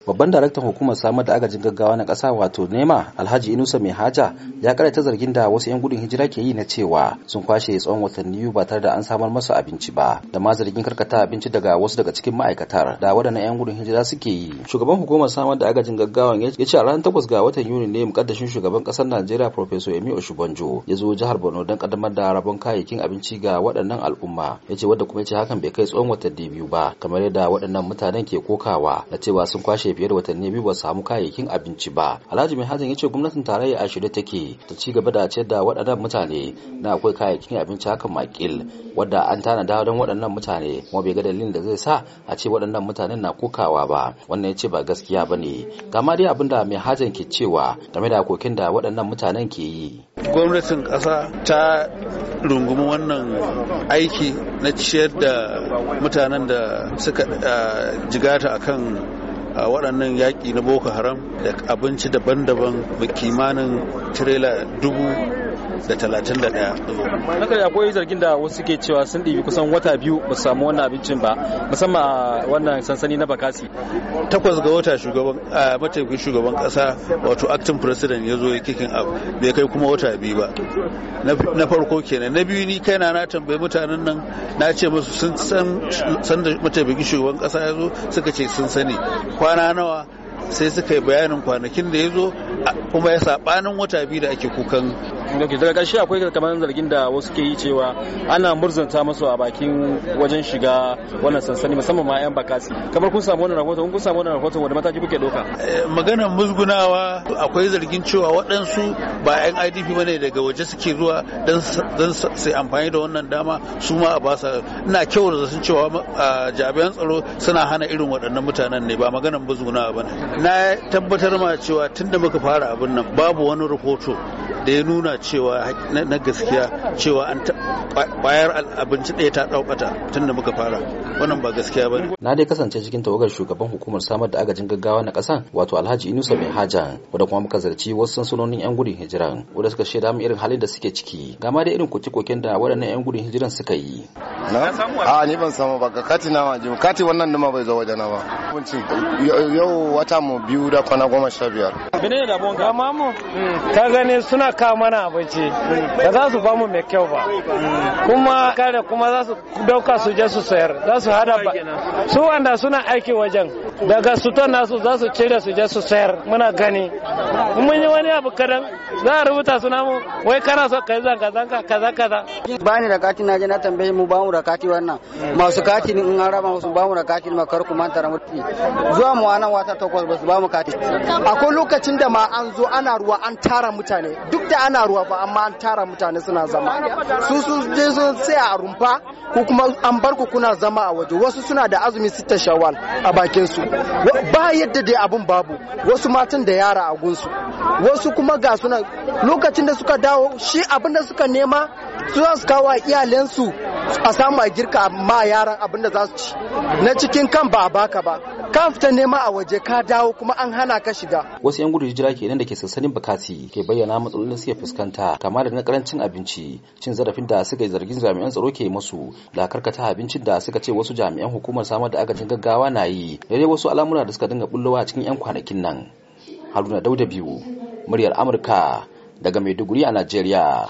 Babban daraktan hukumar samar da agajin gaggawa na ƙasa wato nema Alhaji Inusa Mai Haja ya karata zargin da wasu 'yan gudun hijira ke yi na cewa sun kwashe tsawon watanni ba tare da an samar masa abinci ba da ma zargin karkata abinci daga wasu daga cikin ma'aikatar da waɗannan 'yan gudun hijira suke yi. Shugaban hukumar samar da agajin gaggawa ya ce a ranar takwas ga watan Yuni ne mukaddashin shugaban ƙasar Najeriya Profesor emi oshubanjo ya zo jihar Borno don kaddamar da rabon kayayyakin abinci ga waɗannan al'umma ya ce wadda kuma ya ce hakan bai kai tsawon watanni biyu ba kamar yadda waɗannan mutanen ke kokawa na cewa sun kwashe ce fiye da watanni biyu ba samu kayayyakin abinci ba alhaji mai ya ce gwamnatin tarayya a shirye take ta ci gaba da ciyar da waɗannan mutane na akwai kayayyakin abinci haka makil wadda an tanada don waɗannan mutane kuma bai ga dalilin da zai sa a ce waɗannan mutanen na kokawa ba wannan ya ce ba gaskiya ba ne kama dai abinda da mai hajin ke cewa game da kokin da waɗannan mutanen ke yi gwamnatin ƙasa ta rungumi wannan aiki na ciyar da mutanen da suka eh, jigata akan a waɗannan yaƙi na boko haram da abinci daban-daban da kimanin tirela dubu da talatin da na Haka akwai zargin da wasu ke cewa sun ɗibi kusan wata biyu ba su samu wannan abincin ba musamman a wannan sansani na Bakasi. Takwas ga wata shugaban a mataimakin shugaban ƙasa wato acting president ya zo ya kikin abu bai kai kuma wata biyu ba. Na farko kenan na biyu ni kaina na tambayi mutanen nan na ce musu sun san da mataimakin shugaban ƙasa ya zo suka ce sun sani kwana nawa sai suka yi bayanin kwanakin da ya zo kuma ya saɓanin wata biyu da ake kukan Okay, daga ƙarshe akwai kamar zargin da wasu ke yi cewa ana murzanta masu a bakin wajen shiga wannan sansani musamman ma 'yan bakasi kamar kun samu wannan rahoton kun samu wannan rahoton wanda mataki kuke doka. Eh, maganar musgunawa akwai zargin cewa waɗansu ba 'yan idp bane ne daga waje suke zuwa don su amfani da wannan dama su ma a basa ina kyau da sun cewa jami'an tsaro suna hana irin waɗannan mutanen ne ba maganar musgunawa ba ne na tabbatar ma cewa tun da muka fara abin nan babu wani rahoto da ya nuna cewa na gaskiya cewa an bayar abinci ɗaya ta ɗaukata tun da muka fara wannan ba gaskiya ba ne. na dai kasance cikin tawagar shugaban hukumar samar da agajin gaggawa na ƙasa wato alhaji inusa mai haja wanda kuma muka zarci wasu sansanonin yan gudun hijira wanda suka shaida mu irin halin da suke ciki ga ma dai irin koke-koken da waɗannan yan gudun hijiran suka yi. a ni ban samu ba ga kati na majin kati wannan duma bai zo wajena ba. yau wata mu biyu da kwana goma sha biyar. Bine da bon Ka gani suna kawo mana abinci ba za su ba mu mai kyau ba kuma kare kuma za su dauka su je su sayar za su hada ba su wanda suna aiki wajen daga suton nasu za su cire su je su sayar muna gani mun yi wani abu kadan za a rubuta suna mu wai kana so kai zanga zanga kaza kaza ba ni da kati na je na tambaye mu ba mu da kati wannan masu kati in an raba su ba mu da kati ma kar ku manta mutu zuwa mu anan wata takwas ba su ba mu kati akwai lokacin da ma an zo ana ruwa an tara mutane duk da ana ruwa zuwa amma an tara mutane suna zama su su je sun tsaya a rumfa ko kuma an bar ku kuna zama a waje wasu suna da azumi sita shawal a bakin su ba yadda dai abun babu wasu matan da yara a gunsu wasu kuma ga suna lokacin da suka dawo shi abin da suka nema su za su kawo iyalensu a samu a girka ma yaran abin da za su ci na cikin kan ba a baka ba ka fita nema a waje ka dawo kuma an hana ka shiga wasu yan gudu hijira kenan da ke sassanin bakasi ke bayyana matsalolin suke fuskanta kama da na karancin abinci cin zarafin da suka zargin jami'an tsaro ke musu da karkata abincin da suka ce wasu jami'an hukumar samar da agajin gaggawa na yi da dai wasu al'amura da suka dinga bullowa cikin yan kwanakin nan haruna dauda biyu muryar amurka daga maiduguri a najeriya